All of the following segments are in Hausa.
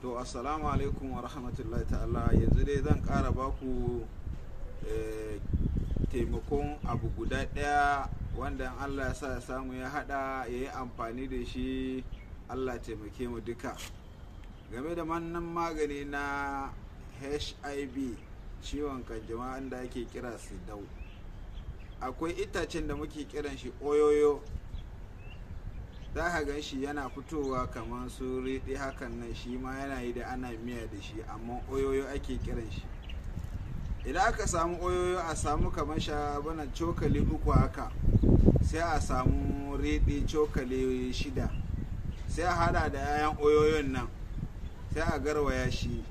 to assalamu alaikum wa rahmatullahi ta'ala yanzu dai zan kara baku eh, taimakon abu guda daya wanda allah ya sa ya samu ya hada ya yi amfani da shi allah taimake mu duka game da mannan magani na hiv ciwon kanjama da ake kira sidau akwai itacen da muke kiran shi oyoyo za ka gan shi yana fitowa kamar su riɗi hakan nan shi ma yana yi da ana miya da shi amma oyoyo ake kiran shi idan aka samu oyoyo a samu kamar sha cokali uku haka sai a samu riɗi cokali shida sai a hada da 'ya'yan oyoyon nan sai a garwaya shi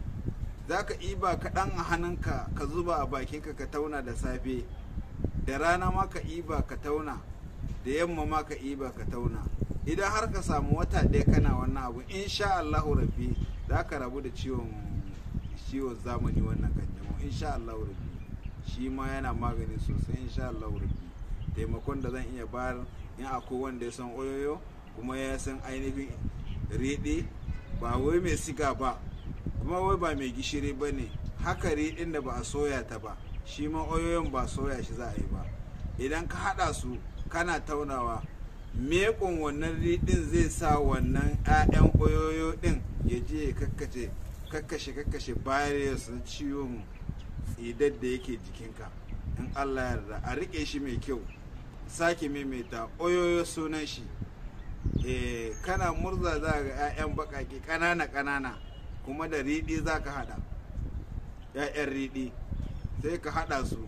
za ka iba kaɗan a hannunka ka zuba a bakinka ka tauna da safe da rana ma ka iba ka tauna da yamma ma ka iba ka tauna idan har ka samu wata ɗaya kana wannan abu sha Allahu rabbi za ka rabu da ciwon ciwon zamani wannan in sha Allahu rabbi shi ma yana magani sosai sha Allahu rabbi taimakon da zan iya bayar in akwai wanda ya san oyoyo kuma ya san ainihin riɗe ba wai mai siga ba kuma wai ba mai gishiri ba ne haka riɗin da ba a soya ta ba shi ma oyoyon ba soya shi za a yi ba idan ka haɗa su kana taunawa mekon wannan riɗin zai sa wannan 'ya'yan ƙwayoyo ɗin ya je ya kakkace kakkashe kakkashe virus na ciwon idan da yake jikinka in allah yarda a riƙe shi mai kyau sake maimaita ƙwayoyo sunan shi e, kana murza za ga 'ya'yan baƙaƙe ƙanana ƙanana kuma da riɗi za ka haɗa 'ya'yan riɗi sai ka haɗa su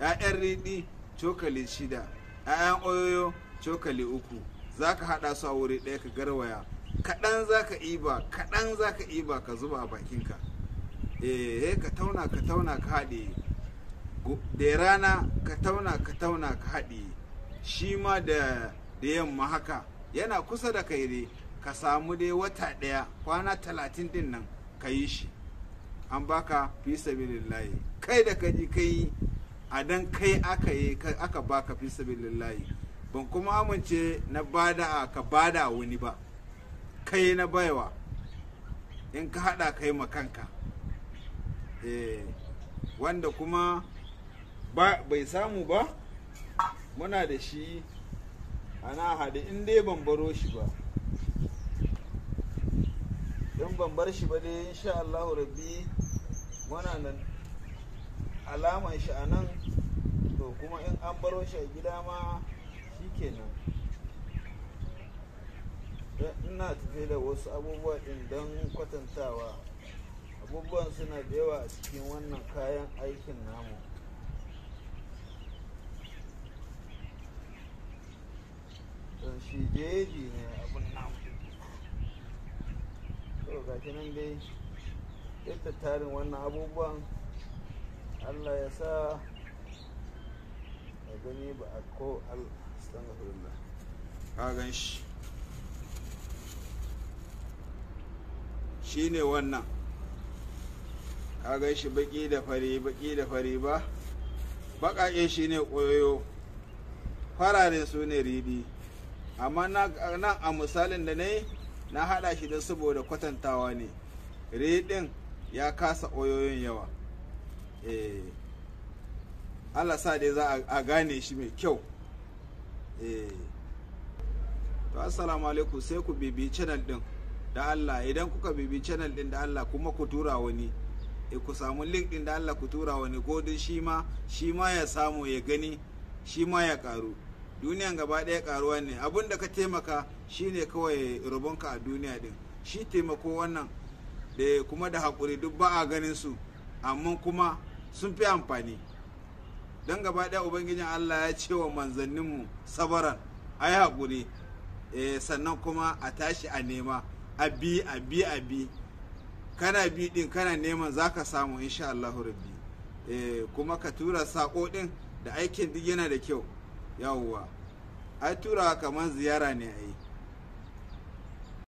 'ya'yan riɗi cokali shida 'ya'yan ƙwayoyo cokali uku za ka haɗa su a wuri ɗaya ka garwaya kaɗan za ka iba kaɗan za ka iba ka zuba a bakinka eh ka tauna ka tauna ka haɗe da rana ka tauna ka tauna ka haɗe shi ma da yamma haka yana kusa da kai dai ka samu dai wata ɗaya kwana talatin din nan ka yi shi an baka fi sabilillahi kai da kaji kai a dan kai aka yi aka baka fi sabilillahi ban kuma amince na bada ka bada wani ba kai na baiwa in ka hada kai makanka eh wanda kuma bai samu ba muna da shi ana hada in dai ban baro shi ba don ban bar shi ba dai insha Allahu rabbi muna nan alaman shi a nan to kuma in an baro shi a gida ma shikenan ina tafi da wasu abubuwa ɗin don kwatantawa abubuwan suna da yawa a cikin wannan kayan aikin namu don shi jeji ne abin namu to nan dai yadda tarin wannan abubuwan allah ya sa ka gan shi shine wannan ka gan shi baki da fari baki da fari ba baƙaƙe shine ƙoyo farare su ne ridi amma nan a misalin da na yi na haɗa shi don saboda kwatantawa ne ridin ya kasa ƙoyoyin yawa eh Allah sa dai za a gane shi mai kyau eh to assalamu alaikum sai ku bibi channel din da Allah idan kuka bibi channel din da Allah kuma ku tura wani eh, ku samu link din da Allah ku tura wani ko din shi ma shi ma ya samu ya gani shi ma ya karu duniyan gaba daya karuwa ne abin da ka taimaka shine kawai ka a duniya din shi taimako wannan da kuma da hakuri duk ba a ganin su amma kuma sun fi amfani don gaba ɗaya ubangijin allah ya ce wa manzanninmu sabaran ai yi haƙuri eh, sannan kuma a tashi a nema a bi a bi a bi kana bi ɗin kana neman za ka samu insha allah rabbi eh, kuma ka tura saƙo ɗin da aikin duk yana da kyau yawuwa. ai tura kamar ziyara ne a yi